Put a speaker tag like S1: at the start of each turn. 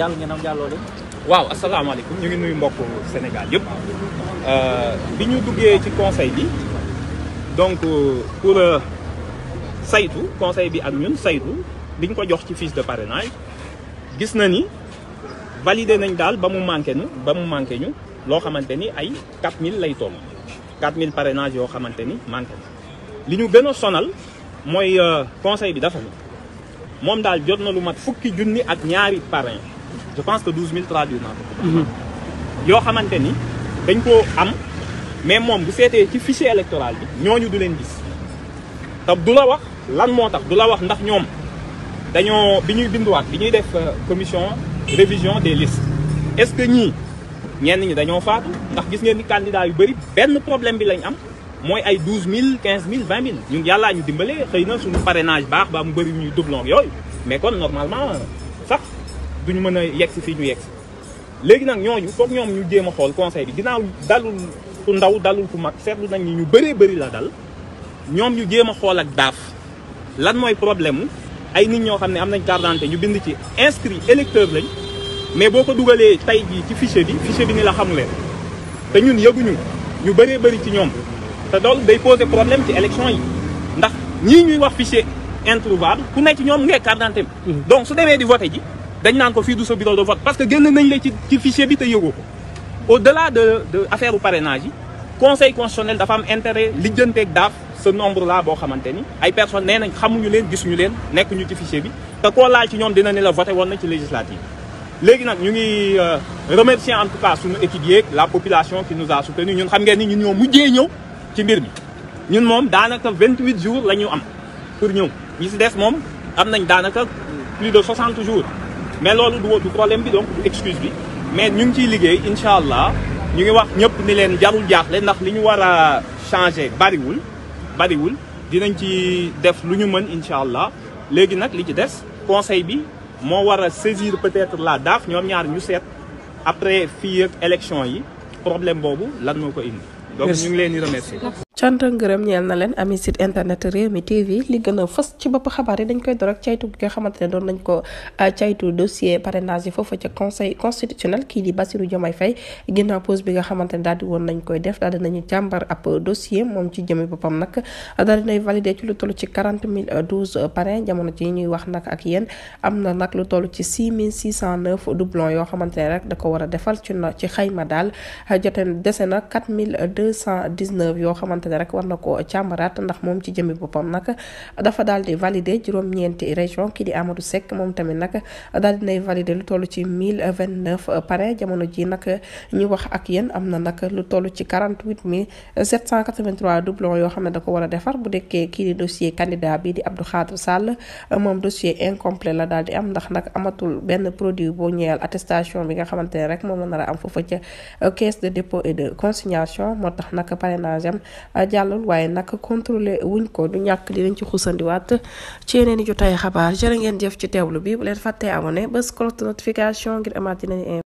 S1: jàll ngeen am waaw asalaamaaleykum ñu ngi nuyu mbokk Sénégal yëpp euh, bi ñu duggee ci conseil bi donc pour euh, saytu conseil bi ak ñun saytu biñ ko jox ci fiche de parrainage gis na ni validé nañ daal ba mu manqué ñu ba mu manqué ñu loo xamante ni ay 4000 lay toll 4000 parrainage yoo xamante ni manqué na li ñu gën a sonal mooy euh, conseil bi dafa ni moom daal jot na lu mat fukki junni ak ñaari parrain je pense que 12 000 traduire naa ko. Mhm. yoo xamante ni dañ koo am mais moom du seetee ci fichier électoral bi ñooñu du leen gis te du la wax lan moo tax du la wax ndax ñoom dañoo bi ñuy binduwaat bi ñuy def euh, commission révision des listes est-ce que ñii ñenn ñi dañoo faatu ndax gis ngeen ni candidat yu bëri benn problème bi lañ am mooy ay 12000 15000 20000 ñun yàllaa ñu dimbale xëy na suñu parrainage baax ba mu bëri ñuy doublon yooyu mais kon normalement du ñu mën a yegsi fii ñu yegsi léegi nag ñooñu foog ñoom ñu jéem a xool conseil bi ginnaaw dalul ku ndaw dalul ku mag seetlu nañ ñu bëree bëri la dal ñoom ñu jéem a xool ak daaf lan mooy problème ay nit ñoo xam ne am nañ carte d'identité ñu bind ci inscrit électeur lañ mais boo ko dugalee tey jii ci fichier bi fichier bi ni la xamu te ñun yëguñu ñu bëree bëri ci ñoom te loolu day poser problème ci élection yi ndax ñii ñuy wax fichier introuvable ku nekk ci ñoom ngee mm-hmm. su demee di voté ji dañ naan ko fii du sa bureau de vote parce que génn nañ la ci ci bi te yëgoo ko au delà de de u parrainage conseil constitutionnel dafa am intérêt lijjanteeg daaf ce nombre là boo xamante ni ay personnes nee nañ xamuñu leen gisuñu leen nekk ñu ci fichier bi te koo laal ci ñoom dina ne la voté woon na ci législative léegi nag ñu ngi euh, remercier en tout cas suñu équipe yeeg la population qui nous ñu soutenu ñun xam ngeen ni ñun ñoo mujjee ñëw ci mbir mi ñun moom daanaka 28 jours la ñu am pour ñëw ñi si des moom am nañ daanaka plus de 60 jours mais loolu du problème bi donc du excuse bi mais ñu ngi ciy liggéey incha allah ñu ngi wax ñëpp ni leen jarul jaaxle ndax li ñu war a changé bariwul bariwul dinañ ci def lu ñu mën incha allah léegi nag li ci des conseil bi moo war a saisir peut-être la DAF ñoom ñaar ñu seet après fii ak élection yi problème boobu lan moo ko indi donc ñu ngi leen di remercier
S2: cant ngërëm ñeel na leen ami site internet réew mi tv li gën a fës ci bopp xabaar yi dañ koy door ak caytu gi nga xamante ne doon nañ ko ah, caytu dossier parrainage yi foofu ca conseil constitutionnel bi nga xamante ne woon nañ koy def daal dinañu càmbar ab dossier moom ci jëmi boppam nag daal dinay validé ci lu toll ci quarante mille douze parrain jamono ci ñuy wax nag ak yéen am na nag lu toll ci six mille six cent neuf doublon yoo xamante ne rek da ko war a defal ci ci xayma daal jote dese na quatre mille xamante ne rek war na ko càmbaraat ndax moom ci jëmmi boppam nag dafa daal di valider juróom-ñeenti région kii di amatu sekk moom tamit nag daal nay valider lu toll ci mille vingt neuf parrain jamono ji nag ñu wax ak yéen am na nag lu toll ci quarante huit mille sept cent quatre vingt trois yoo xam ne da ko war a defar bu dekkee kii di dossier candidat bi di Abdou Khadre Sall moom dossier incomplet la daal di am ndax nag amatul benn produit boo ñëwal attestation bi nga xamante ne rek moom la nar am foofa ca caisse de dépôt et de moo tax nag parrainage am a jàllul waaye nag contrôlé wuñ ko du ñàkk dinañ ci xusandiwaat ci yeneen i jotaay xabaar jërë ngeen jëf ci teewlu bi bu leen fàttee abonné bés cloche notification ngir amaat yeneen